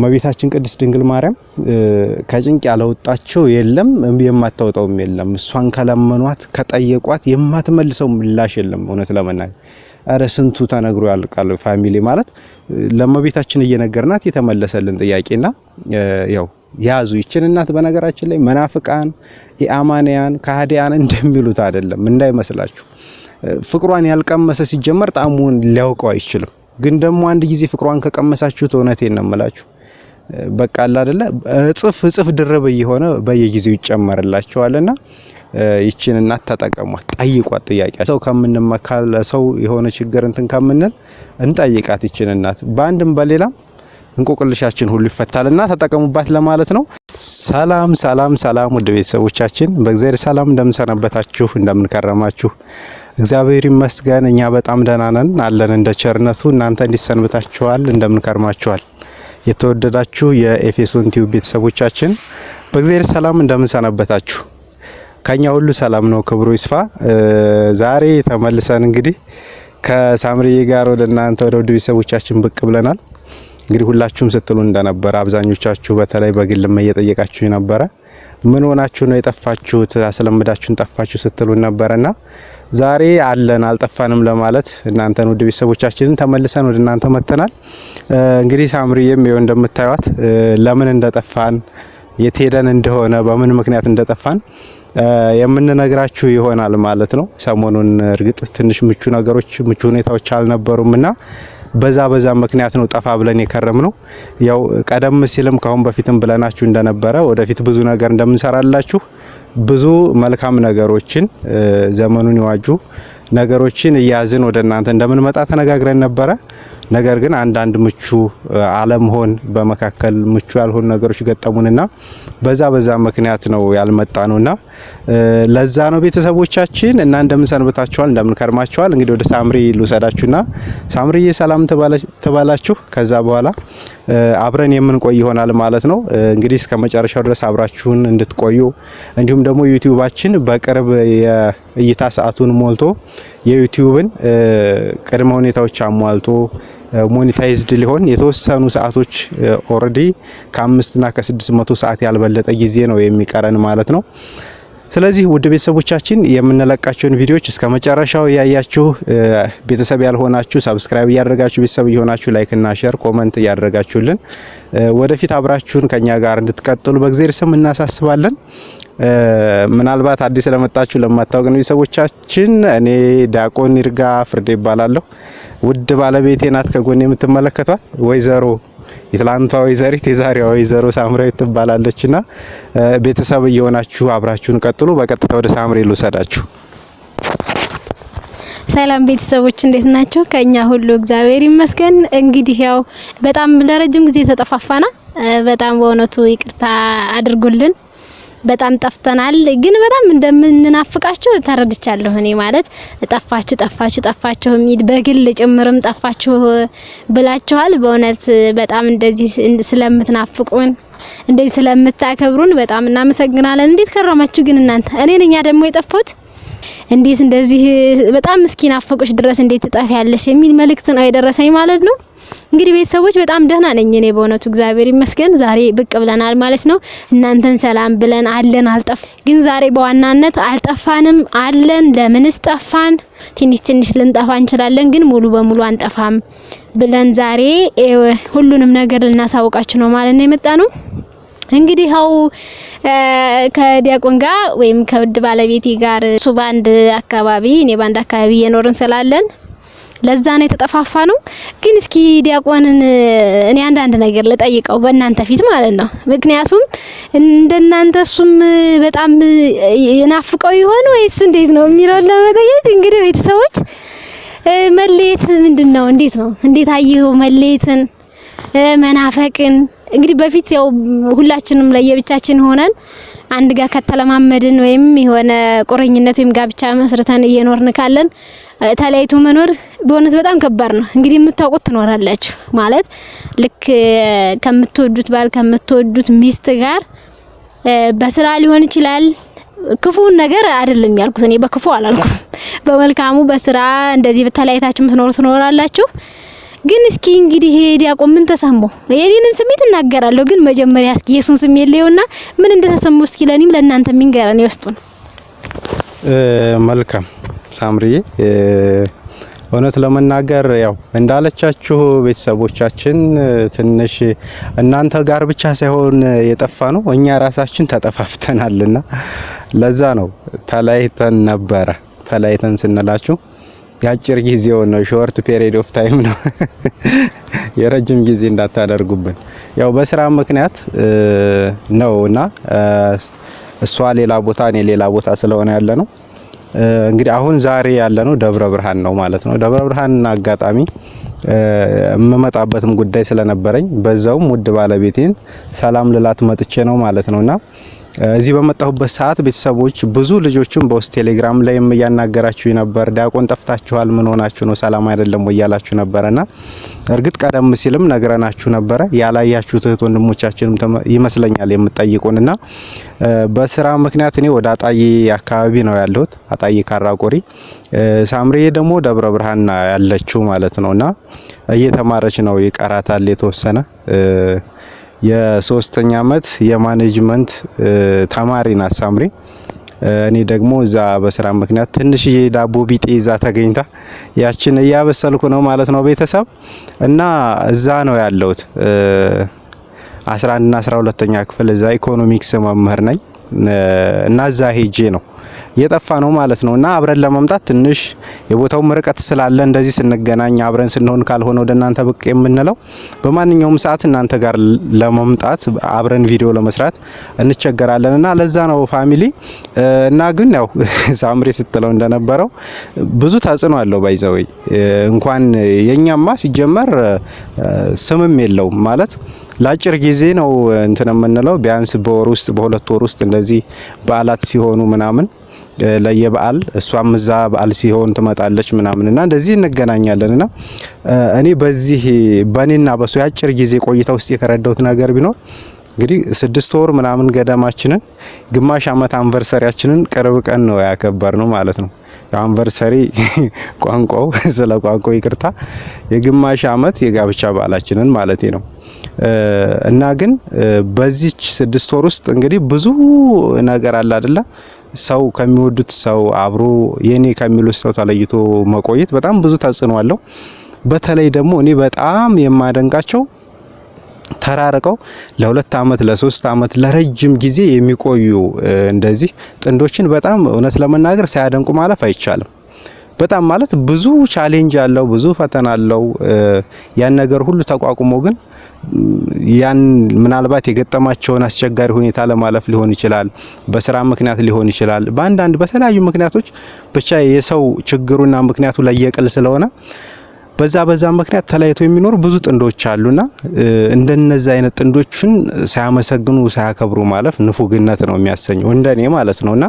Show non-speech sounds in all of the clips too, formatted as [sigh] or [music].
እመቤታችን ቅድስት ድንግል ማርያም ከጭንቅ ያለወጣቸው የለም፣ የማታወጣውም የለም። እሷን ከለመኗት ከጠየቋት የማትመልሰው ምላሽ የለም። እውነት ለመናገር ረ ስንቱ ተነግሮ ያልቃል። ፋሚሊ ማለት ለእመቤታችን እየነገርናት የተመለሰልን ጥያቄና ያው ያዙ ይችን እናት። በነገራችን ላይ መናፍቃን የአማንያን ከሃዲያን እንደሚሉት አይደለም እንዳይመስላችሁ። ፍቅሯን ያልቀመሰ ሲጀመር ጣዕሙን ሊያውቀው አይችልም። ግን ደግሞ አንድ ጊዜ ፍቅሯን ከቀመሳችሁት እውነቴን ነው የምላችሁ በቃ አለ አይደለ እጽፍ እጽፍ ድርብ እየሆነ በየጊዜው ይጨመርላቸዋልና ይችን እናት ተጠቀሟት፣ ጠይቋት። ጥያቄ ሰው ከምንመካለ ሰው የሆነ ችግር እንትን ከምንል እንጠይቃት ይችን እናት። በአንድም በሌላም እንቆቅልሻችን ሁሉ ይፈታልና ተጠቀሙባት ለማለት ነው። ሰላም ሰላም ሰላም፣ ውድ ቤተሰቦቻችን በእግዚአብሔር ሰላም እንደምንሰነበታችሁ እንደምንከረማችሁ፣ እግዚአብሔር ይመስገን እኛ በጣም ደህና ነን አለን። እንደ ቸርነቱ እናንተ እንዲሰንብታችኋል እንደምንከርማችኋል የተወደዳችሁ የኤፌሶን ቲዩብ ቤተሰቦቻችን በእግዚአብሔር ሰላም እንደምንሰናበታችሁ ከኛ ሁሉ ሰላም ነው፣ ክብሩ ይስፋ። ዛሬ ተመልሰን እንግዲህ ከሳምሪዬ ጋር ወደ እናንተ ወደ ውድ ቤተሰቦቻችን ብቅ ብለናል። እንግዲህ ሁላችሁም ስትሉ እንደነበረ አብዛኞቻችሁ በተለይ በግልም እየጠየቃችሁ ነበረ፣ ምን ሆናችሁ ነው የጠፋችሁት? አስለምዳችሁን ጠፋችሁ ስትሉን ነበረና ዛሬ አለን አልጠፋንም ለማለት እናንተን ውድ ቤተሰቦቻችንን ተመልሰን ወደ እናንተ መጥተናል። እንግዲህ ሳምሪዬም ይኸው እንደምታዩት ለምን እንደጠፋን የት ሄደን እንደሆነ በምን ምክንያት እንደጠፋን የምንነግራችሁ ይሆናል ማለት ነው። ሰሞኑን እርግጥ ትንሽ ምቹ ነገሮች ምቹ ሁኔታዎች አልነበሩም እና በዛ በዛ ምክንያት ነው ጠፋ ብለን የከረም ነው። ያው ቀደም ሲልም ከአሁን በፊትም ብለናችሁ እንደነበረ ወደፊት ብዙ ነገር እንደምንሰራላችሁ ብዙ መልካም ነገሮችን ዘመኑን የዋጁ ነገሮችን እያዝን ወደ እናንተ እንደምንመጣ ተነጋግረን ነበረ። ነገር ግን አንዳንድ ምቹ አለመሆን በመካከል ምቹ ያልሆኑ ነገሮች ገጠሙንና በዛ በዛ ምክንያት ነው ያልመጣ ነውና ለዛ ነው ቤተሰቦቻችን። እና እንደምን ሰንብታችኋል? እንደምን ከርማችኋል? እንግዲህ ወደ ሳምሪ ልውሰዳችሁና ሳምሪዬ ሰላም ትባላችሁ። ከዛ በኋላ አብረን የምንቆይ ይሆናል ማለት ነው። እንግዲህ እስከ መጨረሻው ድረስ አብራችሁን እንድትቆዩ እንዲሁም ደግሞ ዩቲዩባችን በቅርብ የእይታ ሰዓቱን ሞልቶ የዩቲዩብን ቅድመ ሁኔታዎች አሟልቶ ሞኔታይዝድ ሊሆን የተወሰኑ ሰዓቶች ኦልሬዲ ከአምስትና ከስድስት መቶ ሰዓት ያልበለጠ ጊዜ ነው የሚቀረን ማለት ነው። ስለዚህ ውድ ቤተሰቦቻችን የምንለቃቸውን ቪዲዮዎች እስከ መጨረሻው ያያችሁ ቤተሰብ ያልሆናችሁ ሰብስክራይብ እያደረጋችሁ ቤተሰብ እየሆናችሁ ላይክና ሼር ኮመንት እያደረጋችሁልን ወደፊት አብራችሁን ከኛ ጋር እንድትቀጥሉ በእግዚአብሔር ስም እናሳስባለን። ምናልባት አዲስ ለመጣችሁ ለማታወቅን ቤተሰቦቻችን እኔ ዲያቆን ይርጋ ፍርዴ ይባላለሁ። ውድ ባለቤቴ ናት ከጎን የምትመለከቷት ወይዘሮ የትላንቷ ወይዘሪት የዛሬዋ ወይዘሮ ሳምራዊት ትባላለች። ና ቤተሰብ እየሆናችሁ አብራችሁን ቀጥሉ። በቀጥታ ወደ ሳምሬ ልውሰዳችሁ። ሰላም ቤተሰቦች እንዴት ናቸው? ከኛ ሁሉ እግዚአብሔር ይመስገን። እንግዲህ ያው በጣም ለረጅም ጊዜ ተጠፋፋና በጣም በእውነቱ ይቅርታ አድርጉልን በጣም ጠፍተናል፣ ግን በጣም እንደምንናፍቃችሁ ተረድቻለሁ። እኔ ማለት ጠፋችሁ ጠፋችሁ ጠፋችሁ የሚል በግል ጭምርም ጠፋችሁ ብላችኋል። በእውነት በጣም እንደዚህ ስለምትናፍቁን እንደዚህ ስለምታከብሩን በጣም እናመሰግናለን። እንዴት ከረማችሁ ግን እናንተ? እኔ ነኛ ደግሞ የጠፋሁት። እንዴት እንደዚህ በጣም እስኪናፍቁሽ ድረስ እንዴት ትጠፊያለሽ የሚል መልእክት ነው የደረሰኝ ማለት ነው። እንግዲህ ቤተሰቦች በጣም ደህና ነኝ እኔ በእውነቱ እግዚአብሔር ይመስገን። ዛሬ ብቅ ብለናል ማለት ነው። እናንተን ሰላም ብለን አለን አልጠፍ ግን ዛሬ በዋናነት አልጠፋንም አለን። ለምንስ ጠፋን? ትንሽ ትንሽ ልንጠፋ እንችላለን፣ ግን ሙሉ በሙሉ አንጠፋም ብለን ዛሬ ሁሉንም ነገር ልናሳውቃችሁ ነው ማለት ነው የመጣ ነው። እንግዲህ ያው ከዲያቆን ጋር ወይም ከውድ ባለቤቴ ጋር እሱ ባንድ አካባቢ እኔ ባንድ አካባቢ እየኖርን ስላለን ለዛ ነው የተጠፋፋ ነው። ግን እስኪ ዲያቆንን እኔ አንዳንድ ነገር ልጠይቀው በእናንተ ፊት ማለት ነው። ምክንያቱም እንደናንተ እሱም በጣም የናፍቀው ይሆን ወይስ እንዴት ነው የሚለውን ለመጠየቅ እንግዲህ ቤተሰቦች መለየት ምንድን ነው? እንዴት ነው? እንዴት አየሁ መለየትን፣ መናፈቅን እንግዲህ በፊት ያው ሁላችንም ለየብቻችን ሆነን አንድ ጋር ከተለማመድን ወይም የሆነ ቁርኝነት ወይም ጋብቻ መስርተን እየኖርን ካለን ተለያይቶ መኖር በእውነት በጣም ከባድ ነው። እንግዲህ የምታውቁት ትኖራላችሁ ማለት ልክ ከምትወዱት ባል ከምትወዱት ሚስት ጋር በስራ ሊሆን ይችላል። ክፉን ነገር አይደለም ያልኩት እኔ በክፉ አላልኩም። በመልካሙ በስራ እንደዚህ ተለያይታችሁ የምትኖሩ ትኖራላችሁ። ግን እስኪ እንግዲህ ዲያቆን ምን ተሰማው? የኔንም ስሜት እናገራለሁ፣ ግን መጀመሪያ እስኪ የሱን ስሜት ለየውና ምን እንደተሰማው እስኪ ለኔም ለእናንተ የሚንገረን የውስጡ ነው። መልካም ሳምሪዬ፣ እውነት ለመናገር ያው እንዳለቻችሁ ቤተሰቦቻችን ትንሽ እናንተ ጋር ብቻ ሳይሆን የጠፋ ነው እኛ ራሳችን ተጠፋፍተናልና ለዛ ነው ተለያይተን ነበረ። ተለያይተን ስንላችሁ የአጭር ጊዜው ነው፣ ሾርት ፔሪድ ኦፍ ታይም ነው። [laughs] የረጅም ጊዜ እንዳታደርጉብን። ያው በስራ ምክንያት ነው እና እሷ ሌላ ቦታ እኔ ሌላ ቦታ ስለሆነ ያለ ነው። እንግዲህ አሁን ዛሬ ያለ ነው ደብረ ብርሃን ነው ማለት ነው። ደብረ ብርሃንና አጋጣሚ የምመጣበትም ጉዳይ ስለነበረኝ በዛውም ውድ ባለቤቴን ሰላም ልላት መጥቼ ነው ማለት ነውና እዚህ በመጣሁበት ሰዓት ቤተሰቦች ብዙ ልጆችም በውስጥ ቴሌግራም ላይም እያናገራችሁ ነበር። ዲያቆን ጠፍታችኋል፣ ምን ሆናችሁ ነው? ሰላም አይደለም ወይ ያላችሁ ነበረና እርግጥ ቀደም ሲልም ነግረናችሁ ነበረ። ያላያችሁት እህት ወንድሞቻችንም ይመስለኛል የምጠይቁንና በስራ ምክንያት እኔ ወደ አጣዬ አካባቢ ነው ያለሁት፣ አጣዬ ካራቆሪ። ሳምሬ ደግሞ ደብረ ብርሃን ያለችው ማለት ነውና እየተማረች ነው፣ ይቀራታል የተወሰነ የሶስተኛ አመት የማኔጅመንት ተማሪ ናት ሳምሪ። እኔ ደግሞ እዛ በስራ ምክንያት ትንሽዬ ዳቦ ቢጤ እዛ ተገኝታ ያችን እያበሰልኩ ነው ማለት ነው ቤተሰብ እና እዛ ነው ያለሁት። 11 እና 12ኛ ክፍል እዛ ኢኮኖሚክስ መምህር ነኝ እና እዛ ሄጄ ነው የጠፋ ነው ማለት ነው እና አብረን ለመምጣት ትንሽ የቦታውም ርቀት ስላለ እንደዚህ ስንገናኝ አብረን ስንሆን ካልሆነ ወደ እናንተ ብቅ የምንለው በማንኛውም ሰዓት እናንተ ጋር ለመምጣት አብረን ቪዲዮ ለመስራት እንቸገራለን እና ለዛ ነው ፋሚሊ እና ግን ያው [laughs] ሳምሬ ስትለው እንደነበረው ብዙ ተጽዕኖ አለው ባይዘወይ እንኳን የኛማ ሲጀመር ስምም የለውም ማለት ለአጭር ጊዜ ነው እንትን የምንለው ቢያንስ በወር ውስጥ በሁለት ወር ውስጥ እንደዚህ በዓላት ሲሆኑ ምናምን ለየበዓል እሷም እዛ በዓል ሲሆን ትመጣለች ምናምን እና እንደዚህ እንገናኛለን እና እኔ በዚህ በእኔና በሱ የአጭር ጊዜ ቆይታ ውስጥ የተረዳሁት ነገር ቢኖር እንግዲህ ስድስት ወር ምናምን ገደማችንን ግማሽ ዓመት አንቨርሰሪያችንን ቅርብ ቀን ነው ያከበር ነው ማለት ነው። የአንቨርሰሪ [laughs] ቋንቋው [laughs] ስለ ቋንቋው ይቅርታ፣ የግማሽ አመት የጋብቻ በዓላችንን ማለት ነው። እና ግን በዚች ስድስት ወር ውስጥ እንግዲህ ብዙ ነገር አለ አይደለ? ሰው ከሚወዱት ሰው አብሮ የኔ ከሚሉት ሰው ተለይቶ መቆየት በጣም ብዙ ተጽዕኖ አለው። በተለይ ደግሞ እኔ በጣም የማደንቃቸው ተራርቀው ለሁለት ዓመት ለሶስት ዓመት ለረጅም ጊዜ የሚቆዩ እንደዚህ ጥንዶችን በጣም እውነት ለመናገር ሳያደንቁ ማለፍ አይቻልም። በጣም ማለት ብዙ ቻሌንጅ አለው፣ ብዙ ፈተና አለው። ያን ነገር ሁሉ ተቋቁሞ ግን ያን ምናልባት የገጠማቸውን አስቸጋሪ ሁኔታ ለማለፍ ሊሆን ይችላል፣ በስራ ምክንያት ሊሆን ይችላል፣ በአንዳንድ በተለያዩ ምክንያቶች ብቻ የሰው ችግሩና ምክንያቱ ለየቅል ስለሆነ በዛ በዛ ምክንያት ተለያይቶ የሚኖሩ ብዙ ጥንዶች አሉና እንደነዛ አይነት ጥንዶችን ሳያመሰግኑ ሳያከብሩ ማለፍ ንፉግነት ነው የሚያሰኘው እንደኔ ማለት ነውና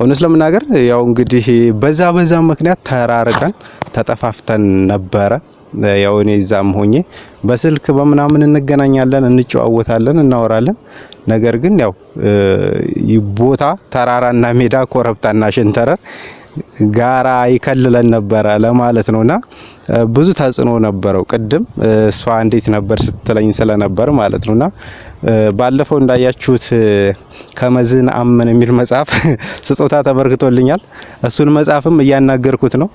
እውነት ለመናገር ያው እንግዲህ በዛ በዛ ምክንያት ተራርቀን ተጠፋፍተን ነበረ። ያው እኔ እዛም ሆኜ በስልክ በምናምን እንገናኛለን፣ እንጨዋወታለን፣ እናወራለን። ነገር ግን ያው ቦታ ተራራና ሜዳ፣ ኮረብታና ሸንተረር ጋራ ይከልለን ነበረ ለማለት ነውና ብዙ ተጽዕኖ ነበረው። ቅድም እሷ እንዴት ነበር ስትለኝ ስለነበር ማለት ነውና ባለፈው እንዳያችሁት ከመዝን አመን የሚል መጽሐፍ [laughs] ስጦታ ተበርክቶልኛል። እሱን መጽሐፍም እያናገርኩት ነው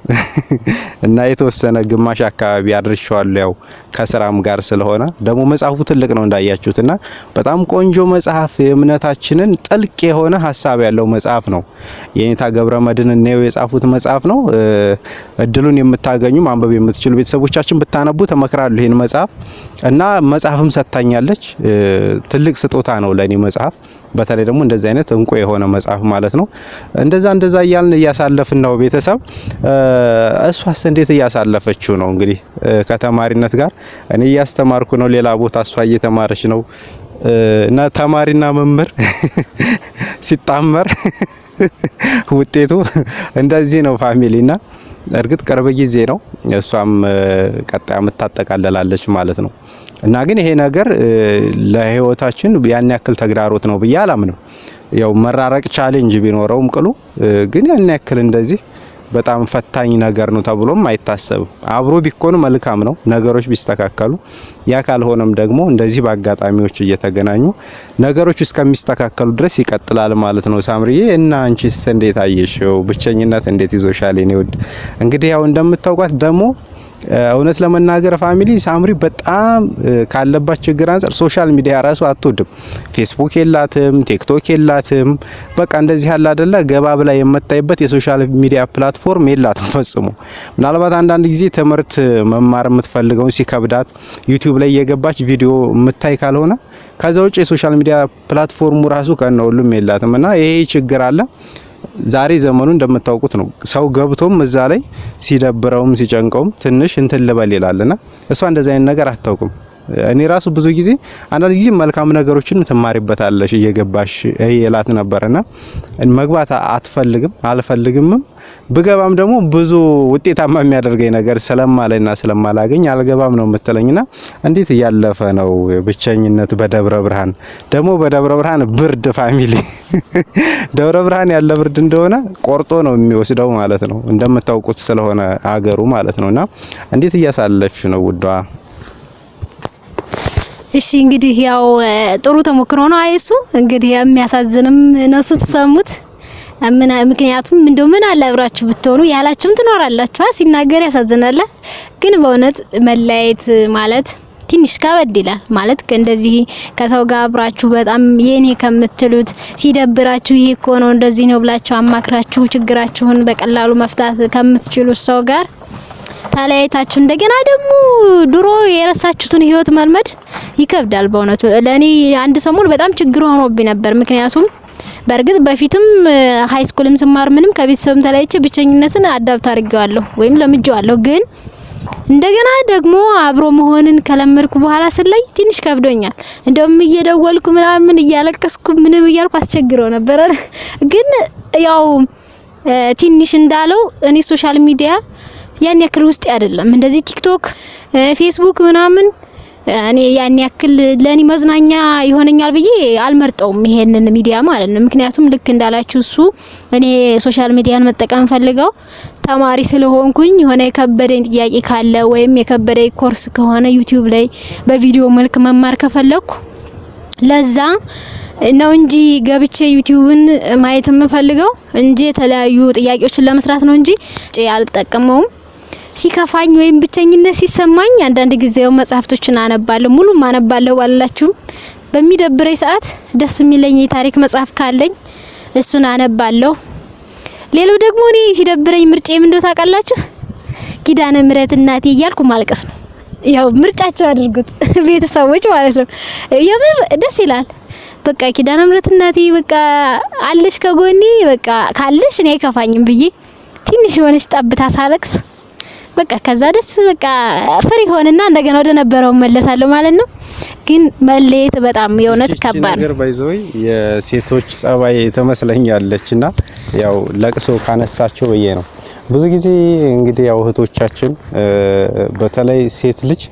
[laughs] እና የተወሰነ ግማሽ አካባቢ አድርሻዋለሁ። ያው ከስራም ጋር ስለሆነ ደግሞ መጽሐፉ ትልቅ ነው እንዳያችሁት እና በጣም ቆንጆ መጽሐፍ፣ የእምነታችንን ጥልቅ የሆነ ሀሳብ ያለው መጽሐፍ ነው። የኔታ ገብረ ነው የጻፉት መጽሐፍ ነው። እድሉን የምታገኙ ማንበብ የምትችሉ ቤተሰቦቻችን ብታነቡ ተመክራሉ ይሄን መጽሐፍ እና መጽሐፍም ሰጥታኛለች። ትልቅ ስጦታ ነው ለእኔ መጽሐፍ በተለይ ደግሞ እንደዚህ አይነት እንቁ የሆነ መጽሐፍ ማለት ነው። እንደዛ እንደዛ እያልን እያሳለፍን ነው ቤተሰብ። እሷስ እንዴት እያሳለፈችው ነው? እንግዲህ ከተማሪነት ጋር እኔ እያስተማርኩ ነው ሌላ ቦታ፣ እሷ እየተማረች ነው እና ተማሪና መምህር [laughs] ሲጣመር [laughs] ውጤቱ እንደዚህ ነው ፋሚሊና እርግጥ ቅርብ ጊዜ ነው። እሷም ቀጣይ አመት ማለት ነው እና ግን ይሄ ነገር ለህይወታችን ያን ያክል ተግዳሮት ነው ብዬ አላምንም። ያው መራረቅ ቻሌንጅ ቢኖረውም ቅሉ ግን ያን ያክል እንደዚህ በጣም ፈታኝ ነገር ነው ተብሎም አይታሰብም። አብሮ ቢኮኑ መልካም ነው ነገሮች ቢስተካከሉ። ያ ካልሆነም ደግሞ እንደዚህ በአጋጣሚዎች እየተገናኙ ነገሮች እስከሚስተካከሉ ድረስ ይቀጥላል ማለት ነው። ሳምሪዬ እና አንቺስ እንዴት አየሽው? ብቸኝነት እንዴት ይዞሻል? እኔ ውድ እንግዲህ ያው እንደምታውቋት ደግሞ እውነት ለመናገር ፋሚሊ ሳምሪ በጣም ካለባት ችግር አንጻር ሶሻል ሚዲያ ራሱ አትወድም። ፌስቡክ የላትም፣ ቲክቶክ የላትም። በቃ እንደዚህ ያለ አይደለ ገባ ብላ የምታይበት የሶሻል ሚዲያ ፕላትፎርም የላትም ፈጽሞ። ምናልባት አንዳንድ ጊዜ ትምህርት መማር የምትፈልገውን ሲከብዳት ዩቲዩብ ላይ የገባች ቪዲዮ የምታይ ካልሆነ ከዛ ውጭ የሶሻል ሚዲያ ፕላትፎርሙ ራሱ ከነ ሁሉም የላትም እና ይሄ ችግር አለ። ዛሬ ዘመኑ እንደምታውቁት ነው። ሰው ገብቶም እዛ ላይ ሲደብረውም ሲጨንቀውም ትንሽ እንትን ልበል ይላልና እሷ እንደዚህ አይነት ነገር አታውቅም። እኔ ራሱ ብዙ ጊዜ አንዳንድ ጊዜ መልካም ነገሮችን ትማሪበታለሽ እየገባሽ ይላት ነበርና መግባት አትፈልግም አልፈልግምም ብገባም ደግሞ ብዙ ውጤታማ የሚያደርገኝ ነገር ስለማላይና ስለማላገኝ አልገባም ነው የምትለኝና እንዴት እያለፈ ነው ብቸኝነት በደብረ ብርሃን ደግሞ በደብረ ብርሃን ብርድ ፋሚሊ [laughs] ደብረ ብርሃን ያለ ብርድ እንደሆነ ቆርጦ ነው የሚወስደው ማለት ነው እንደምታውቁት ስለሆነ አገሩ ማለት ነውና እንዴት እያሳለፍሽ ነው ውዷ እሺ እንግዲህ ያው ጥሩ ተሞክሮ ነው። አይ እሱ እንግዲህ የሚያሳዝንም ነው ስትሰሙት። ምክንያቱም እንደው ምን አለ አብራችሁ ብትሆኑ ያላችሁም ትኖራላችሁ። ሲናገር ያሳዝናል፣ ግን በእውነት መለያየት ማለት ትንሽ ከበድ ይላል ማለት እንደዚህ ከሰው ጋር አብራችሁ በጣም የኔ ከምትሉት ሲደብራችሁ ይሄ እኮ ነው እንደዚህ ነው ብላችሁ አማክራችሁ ችግራችሁን በቀላሉ መፍታት ከምትችሉት ሰው ጋር ተለያይታችሁ እንደገና ደግሞ ድሮ የረሳችሁትን ህይወት መልመድ ይከብዳል። በእውነቱ ለእኔ አንድ ሰሞን በጣም ችግር ሆኖብኝ ነበር። ምክንያቱም በእርግጥ በፊትም ሀይ ስኩልም ስማር ምንም ከቤተሰብም ተለያይቼ ብቸኝነትን አዳብት አድርጌዋለሁ ወይም ለምጄዋለሁ። ግን እንደገና ደግሞ አብሮ መሆንን ከለመድኩ በኋላ ስለይ ትንሽ ከብዶኛል። እንደውም እየደወልኩ ምናምን እያለቀስኩ ምንም እያልኩ አስቸግረው ነበረ። ግን ያው ትንሽ እንዳለው እኔ ሶሻል ሚዲያ ያን ያክል ውስጥ አይደለም። እንደዚህ ቲክቶክ፣ ፌስቡክ ምናምን እኔ ያን ያክል ለኔ መዝናኛ ይሆነኛል ብዬ አልመርጠውም ይሄንን ሚዲያ ማለት ነው። ምክንያቱም ልክ እንዳላችሁ እሱ እኔ ሶሻል ሚዲያን መጠቀም ፈልገው ተማሪ ስለሆንኩኝ የሆነ የከበደኝ ጥያቄ ካለ ወይም የከበደኝ ኮርስ ከሆነ ዩቲዩብ ላይ በቪዲዮ መልክ መማር ከፈለኩ ለዛ ነው እንጂ ገብቼ ዩቲዩብን ማየት የምፈልገው እንጂ የተለያዩ ጥያቄዎችን ለመስራት ነው እንጂ አልጠቀመውም። ሲከፋኝ ወይም ብቸኝነት ሲሰማኝ አንዳንድ ጊዜ መጽሐፍቶችን አነባለሁ። ሙሉም አነባለሁ ባላችሁም በሚደብረኝ ሰዓት ደስ የሚለኝ የታሪክ መጽሐፍ ካለኝ እሱን አነባለሁ። ሌላው ደግሞ እኔ ሲደብረኝ ምርጫ ምንድነው ታውቃላችሁ? ኪዳነ ምሕረት እናቴ እያልኩ ማልቀስ ነው። ያው ምርጫቸው አድርጉት [laughs] ቤተሰቦች ማለት ነው። የምር ደስ ይላል። በቃ ኪዳነ ምሕረት እናቴ በቃ አለሽ ከጎኔ በቃ ካለሽ እኔ አይከፋኝም ብዬ ትንሽ የሆነች ጠብታ ሳለቅስ በቃ ከዛ ደስ በቃ ፍሪ ሆንና እንደገና ወደ ነበረው መለሳለሁ ማለት ነው። ግን መለየት በጣም የእውነት ከባድ ነገር ባይዘይ የሴቶች ጸባይ ተመስለኛለችና ያው ለቅሶ ካነሳቸው ብዬ ነው። ብዙ ጊዜ እንግዲህ ያው እህቶቻችን በተለይ ሴት ልጅ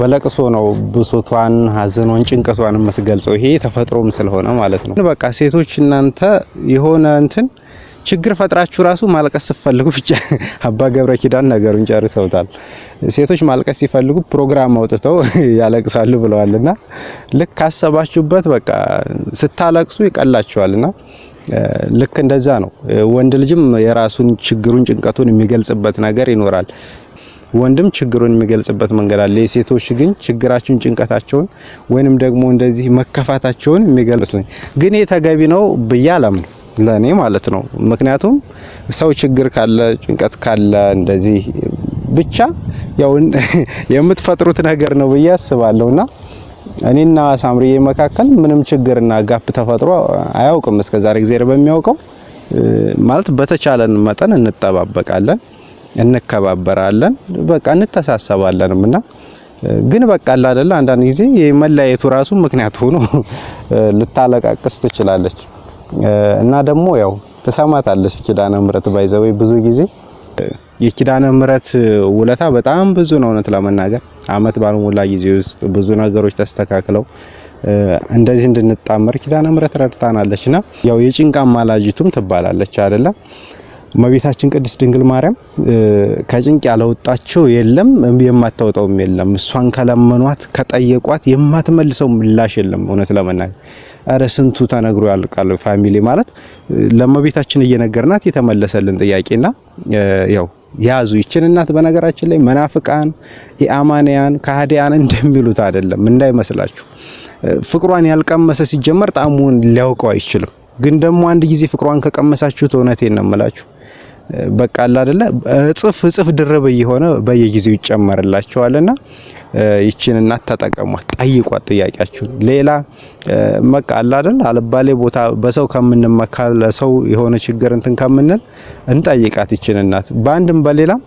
በለቅሶ ነው ብሶቷን፣ ሀዘኗን ጭንቀቷን የምትገልጸው ይሄ ተፈጥሮም ስለሆነ ማለት ነው። በቃ ሴቶች እናንተ የሆነ እንትን ችግር ፈጥራችሁ ራሱ ማልቀስ ስትፈልጉ ብቻ [laughs] አባ ገብረ ኪዳን ነገሩን ጨርሰውታል። ሴቶች ማልቀስ ሲፈልጉ ፕሮግራም አውጥተው [laughs] ያለቅሳሉ ብለዋልና ልክ ካሰባችሁበት በቃ ስታለቅሱ ይቀላችኋልና ልክ እንደዛ ነው። ወንድ ልጅም የራሱን ችግሩን ጭንቀቱን የሚገልጽበት ነገር ይኖራል። ወንድም ችግሩን የሚገልጽበት መንገድ አለ። የሴቶች ግን ችግራቸውን ጭንቀታቸውን ወይንም ደግሞ እንደዚህ መከፋታቸውን የሚገልጽ ግን ተገቢ ነው ብዬ አላምነው። ለኔ ማለት ነው። ምክንያቱም ሰው ችግር ካለ ጭንቀት ካለ እንደዚህ ብቻ ያው [laughs] የምትፈጥሩት ነገር ነው ብዬ አስባለሁና እኔና ሳምሪዬ መካከል ምንም ችግርና ጋፕ ተፈጥሮ አያውቅም። እስከዛሬ እግዚአብሔር በሚያውቀው ማለት በተቻለን መጠን እንጠባበቃለን፣ እንከባበራለን፣ በቃ እንተሳሰባለንም እና ግን በቃ አለ አይደል አንዳንድ ጊዜ የመለያየቱ ራሱ ምክንያት ሆኖ [laughs] ልታለቃቅስ ትችላለች። እና ደግሞ ያው ትሰማታለች ኪዳነ ምህረት ባይዘወይ ብዙ ጊዜ የኪዳነ ምህረት ውለታ በጣም ብዙ ነው። እውነት ለመናገር አመት ባልሞላ ጊዜ ውስጥ ብዙ ነገሮች ተስተካክለው እንደዚህ እንድንጣመር ኪዳነ ምህረት ረድታናለችና ያው የጭንቃ ማላጅቱም ትባላለች አይደለም እመቤታችን ቅድስት ድንግል ማርያም ከጭንቅ ያለወጣቸው የለም፣ የማታወጣውም የለም። እሷን ከለመኗት ከጠየቋት የማትመልሰው ምላሽ የለም። እውነት ለመናገር እረ ስንቱ ተነግሮ ያልቃል። ፋሚሊ ማለት ለእመቤታችን እየነገርናት የተመለሰልን ጥያቄና ያው ያዙ ይችን እናት። በነገራችን ላይ መናፍቃን የአማንያን ከሃዲያን እንደሚሉት አይደለም እንዳይመስላችሁ። ፍቅሯን ያልቀመሰ ሲጀመር ጣዕሙን ሊያውቀው አይችልም። ግን ደግሞ አንድ ጊዜ ፍቅሯን ከቀመሳችሁት እውነቴን ነው የምላችሁ በቃ አለ አይደለ እጽፍ እጽፍ ድርብ እየሆነ በየጊዜው ይጨመርላቸዋልና ይችን እናት ተጠቀሟት፣ ጠይቋት ጥያቄያችሁን። ሌላ በቃ አለ አይደል አልባሌ ቦታ በሰው ከምንመካ ለሰው የሆነ ችግር እንትን ከምንል እንጠይቃት ይችን እናት በአንድም በሌላም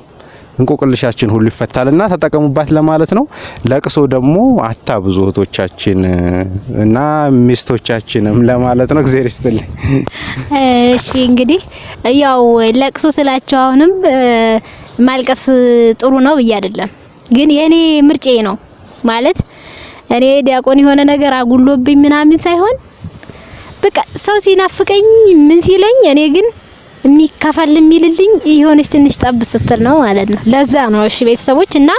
እንቆቅልሻችን ሁሉ ይፈታልና ተጠቀሙባት ለማለት ነው። ለቅሶ ደግሞ አታ ብዙ እህቶቻችን እና ሚስቶቻችንም ለማለት ነው። እግዚአብሔር ይስጥልኝ። እሺ እንግዲህ ያው ለቅሶ ስላቸው አሁንም ማልቀስ ጥሩ ነው ብዬ አይደለም፣ ግን የኔ ምርጬ ነው ማለት እኔ ዲያቆን የሆነ ነገር አጉሎብኝ ምናምን ሳይሆን በቃ ሰው ሲናፍቀኝ ምን ሲለኝ እኔ ግን የሚከፈል የሚልልኝ የሆነች ትንሽ ጠብ ስትል ነው ማለት ነው። ለዛ ነው እሺ ቤተሰቦች እና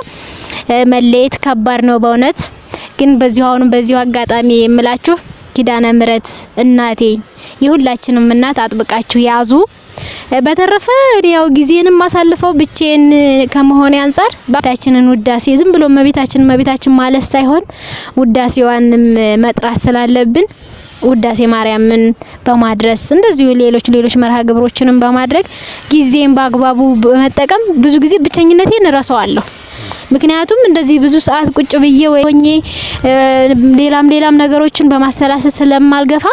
መለየት ከባድ ነው በእውነት ግን በዚሁ አሁን በዚሁ አጋጣሚ የምላችሁ ኪዳነ ምረት እናቴ የሁላችንም እናት አጥብቃችሁ ያዙ። በተረፈ ያው ጊዜንም ማሳልፈው ብቼን ከመሆን አንጻር ባታችንን ውዳሴ ዝም ብሎ መቤታችን መቤታችን ማለት ሳይሆን ውዳሴዋንም መጥራት ስላለብን ውዳሴ ማርያምን በማድረስ እንደዚሁ ሌሎች ሌሎች መርሃ ግብሮችንም በማድረግ ጊዜን በአግባቡ በመጠቀም ብዙ ጊዜ ብቸኝነቴን እረሳዋለሁ። ምክንያቱም እንደዚህ ብዙ ሰዓት ቁጭ ብዬ ወይኜ ሌላም ሌላም ነገሮችን በማሰላሰል ስለማልገፋ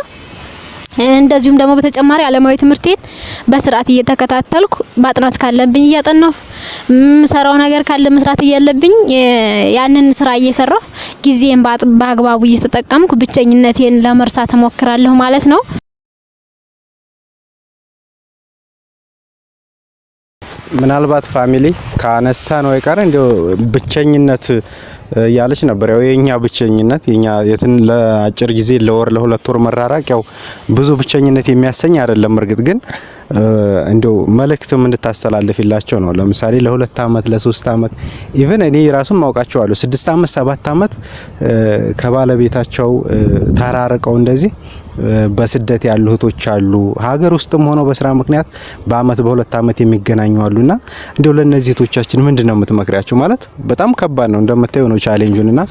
እንደዚሁም ደግሞ በተጨማሪ አለማዊ ትምህርቴን በስርዓት እየተከታተልኩ ማጥናት ካለብኝ እያጠናሁ ምሰራው ነገር ካለ መስራት እያለብኝ ያንን ስራ እየሰራሁ ጊዜን በአግባቡ እየተጠቀምኩ ብቸኝነቴን ለመርሳት እሞክራለሁ ማለት ነው። ምናልባት ፋሚሊ ካነሳ ነው የቀረ እንዲያው ብቸኝነት ያለች ነበር። ያው የኛ ብቸኝነት የኛ የትን ለአጭር ጊዜ ለወር ለሁለት ወር መራራቅ ያው ብዙ ብቸኝነት የሚያሰኝ አይደለም። እርግጥ ግን እንደው መልእክትም እንድታስተላልፍላቸው ነው። ለምሳሌ ለሁለት አመት ለሶስት አመት ኢቨን እኔ ራሱም አውቃቸዋለሁ ስድስት አመት ሰባት አመት ከባለቤታቸው ተራርቀው እንደዚህ በስደት ያሉ እህቶች አሉ። ሀገር ውስጥም ሆነው በስራ ምክንያት በአመት በሁለት አመት የሚገናኙ አሉና እንዲሁ ለእነዚህ እህቶቻችን ምንድን ነው የምትመክሪያቸው? ማለት በጣም ከባድ ነው እንደምታየው ነው ቻሌንጁን እና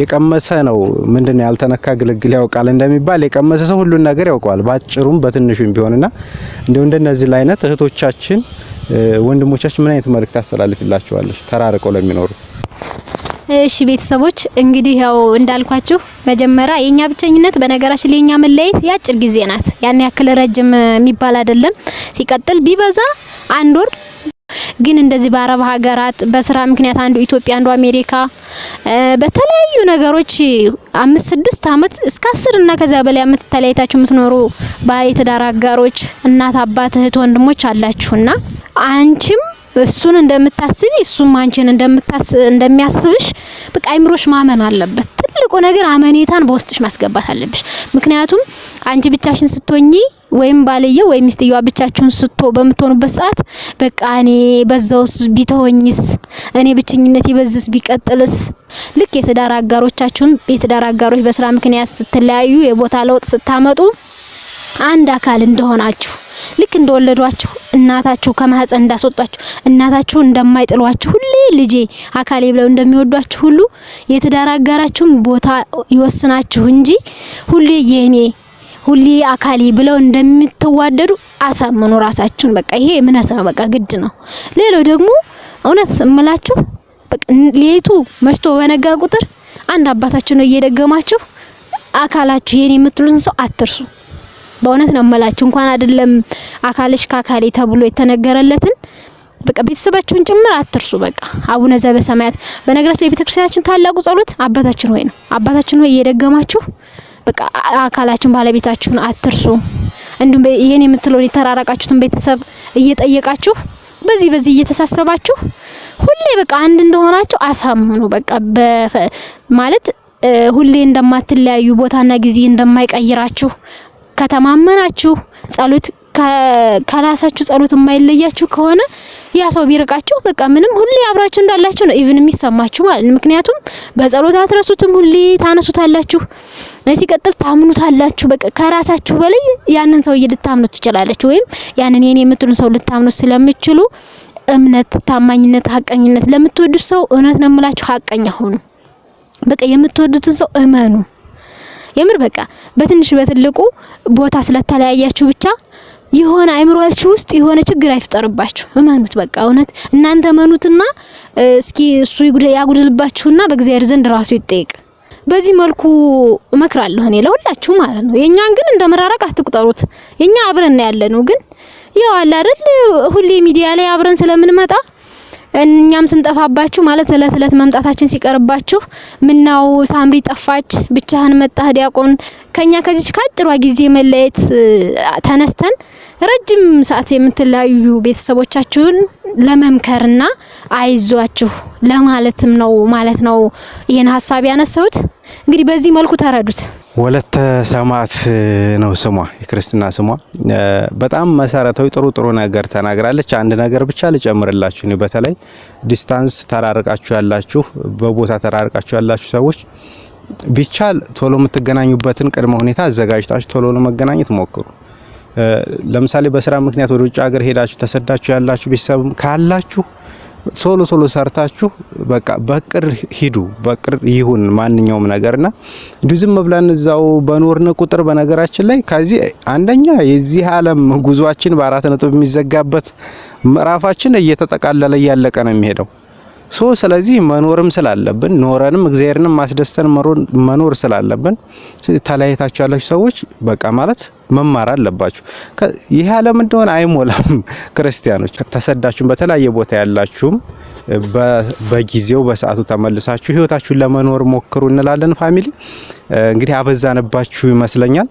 የቀመሰ ነው ምንድን ነው ያልተነካ ግልግል ያውቃል እንደሚባል የቀመሰ ሰው ሁሉን ነገር ያውቀዋል በአጭሩም በትንሹም ቢሆንና እንዲሁ እንደነዚህ ላይነት እህቶቻችን ወንድሞቻችን ምን አይነት መልእክት ታስተላልፍላቸዋለች ተራርቀው ለሚኖሩ እሺ ቤተሰቦች እንግዲህ ያው እንዳልኳችሁ መጀመሪያ የኛ ብቸኝነት በነገራችን ላይ የኛ መለያየት የአጭር ጊዜ ናት። ያን ያክል ረጅም የሚባል አይደለም። ሲቀጥል ቢበዛ አንድ ወር ግን እንደዚህ በአረብ ሀገራት በስራ ምክንያት አንዱ ኢትዮጵያ አንዱ አሜሪካ በተለያዩ ነገሮች አምስት ስድስት አመት እስከ አስር እና ከዚያ በላይ አመት ተለያይታችሁ የምትኖሩ ባለትዳር አጋሮች፣ እናት አባት፣ እህት ወንድሞች አላችሁና አንቺም እሱን እንደምታስቢ እሱም አንቺን እንደሚያስብሽ በቃ አይምሮሽ ማመን አለበት። ትልቁ ነገር አመኔታን በውስጥሽ ማስገባት አለብሽ። ምክንያቱም አንቺ ብቻሽን ስትሆኚ ወይም ባልየው ወይም ሚስትየዋ ብቻችሁን ስቶ በምትሆኑበት ሰዓት በቃ እኔ በዛውስ ቢተወኝስ እኔ ብቸኝነት ይበዝስ ቢቀጥልስ ልክ የትዳር አጋሮቻችሁን የትዳር አጋሮች በስራ ምክንያት ስትለያዩ የቦታ ለውጥ ስታመጡ አንድ አካል እንደሆናችሁ ልክ እንደወለዷችሁ እናታችሁ ከማህፀን እንዳስወጣችሁ እናታችሁ እንደማይጥሏችሁ ሁሌ ልጄ አካሌ ብለው እንደሚወዷችሁ ሁሉ የትዳር አጋራችሁም ቦታ ይወስናችሁ እንጂ ሁሌ የኔ ሁሌ አካሌ ብለው እንደምትዋደዱ አሳምኑ ራሳችሁን። በቃ ይሄ እምነት ነው። በቃ ግድ ነው። ሌላው ደግሞ እውነት እምላችሁ ሌቱ መሽቶ በነጋ ቁጥር አንድ አባታችን ነው እየደገማችሁ አካላችሁ የኔ የምትሉትን ሰው አትርሱ። በእውነት ነው መላችሁ። እንኳን አይደለም አካልሽ ካካሌ ተብሎ የተነገረለትን በቃ ቤተሰባችሁን ጭምር አትርሱ። በቃ አቡነ ዘበሰማያት። በነገራችን ላይ ቤተክርስቲያናችን ታላቁ ጸሎት አባታችን ሆይ ነው። አባታችን ሆይ እየደገማችሁ በቃ አካላችሁን ባለቤታችሁን አትርሱ። እንዲሁም ይሄን የምትለውን የተራራቃችሁትን ቤተሰብ እየጠየቃችሁ በዚህ በዚህ እየተሳሰባችሁ ሁሌ በቃ አንድ እንደሆናችሁ አሳምኑ። በቃ ማለት ሁሌ እንደማትለያዩ ቦታና ጊዜ እንደማይቀይራችሁ ከተማመናችሁ ጸሎት ከራሳችሁ ጸሎት የማይለያችሁ ከሆነ ያ ሰው ቢርቃችሁ በቃ ምንም ሁሌ አብራችሁ እንዳላችሁ ነው ኢቭን የሚሰማችሁ ማለት ምክንያቱም በጸሎት አትረሱትም፣ ሁሌ ታነሱታላችሁ፣ ሲቀጥል ታምኑታላችሁ። በቃ ከራሳችሁ በላይ ያንን ሰው ልታምኑት ትችላለች ወይም ያንን የኔ የምትሉን ሰው ልታምኑት ስለምችሉ እምነት፣ ታማኝነት፣ ሀቀኝነት ለምትወዱት ሰው እውነት ነው የምላችሁ ሀቀኛ ሆኑ። በቃ የምትወዱትን ሰው እመኑ። የምር በቃ በትንሽ በትልቁ ቦታ ስለተለያያችሁ ብቻ የሆነ አይምሯችሁ ውስጥ የሆነ ችግር አይፍጠርባችሁ። እመኑት፣ በቃ እውነት እናንተ እመኑትና እስኪ እሱ ያጉድልባችሁና በእግዚአብሔር ዘንድ ራሱ ይጠይቅ። በዚህ መልኩ እመክራለሁ እኔ ለሁላችሁ ማለት ነው። የኛን ግን እንደ መራራቅ አትቁጠሩት። የኛ አብረን ያለ ነው ግን ያው አለ አይደል ሁሌ ሚዲያ ላይ አብረን ስለምንመጣ እኛም ስንጠፋባችሁ ማለት እለት እለት መምጣታችን ሲቀርባችሁ ምናው ሳምሪ ጠፋች፣ ብቻህን መጣህ ዲያቆን፣ ከኛ ከዚች ከአጭሯ ጊዜ መለየት ተነስተን ረጅም ሰዓት የምትለያዩ ቤተሰቦቻችሁን ለመምከርና አይዟችሁ ለማለትም ነው ማለት ነው ይሄን ሀሳብ ያነሳሁት። እንግዲህ በዚህ መልኩ ተረዱት። ወለተ ሰማዕት ነው ስሟ፣ የክርስትና ስሟ። በጣም መሰረታዊ ጥሩ ጥሩ ነገር ተናግራለች። አንድ ነገር ብቻ ልጨምርላችሁ። እኔ በተለይ ዲስታንስ ተራርቃችሁ ያላችሁ፣ በቦታ ተራርቃችሁ ያላችሁ ሰዎች ቢቻል ቶሎ የምትገናኙበትን ቅድመ ሁኔታ አዘጋጅታችሁ ቶሎ ለመገናኘት ሞክሩ። ለምሳሌ በስራ ምክንያት ወደ ውጭ ሀገር ሄዳችሁ ተሰዳችሁ ያላችሁ ቤተሰብም ካላችሁ ሶሎ ሶሎ ሰርታችሁ በቃ በቅር ሂዱ፣ በቅር ይሁን ማንኛውም ነገርና እንዲሁ ዝም ብለን እዛው በኖርን ቁጥር በነገራችን ላይ ከዚህ አንደኛ የዚህ ዓለም ጉዟችን በአራት ነጥብ የሚዘጋበት ምዕራፋችን እየተጠቃለለ እያለቀ ነው የሚሄደው። ሶ ስለዚህ መኖርም ስላለብን ኖረንም እግዚአብሔርንም ማስደስተን መኖር ስላለብን ተለያይታችሁ ያላችሁ ሰዎች በቃ ማለት መማር አለባችሁ። ይህ ዓለም እንደሆነ አይሞላም። [laughs] ክርስቲያኖች ተሰዳችሁም በተለያየ ቦታ ያላችሁም በጊዜው በሰዓቱ ተመልሳችሁ ህይወታችሁን ለመኖር ሞክሩ እንላለን። ፋሚሊ እንግዲህ አበዛንባችሁ ይመስለኛል።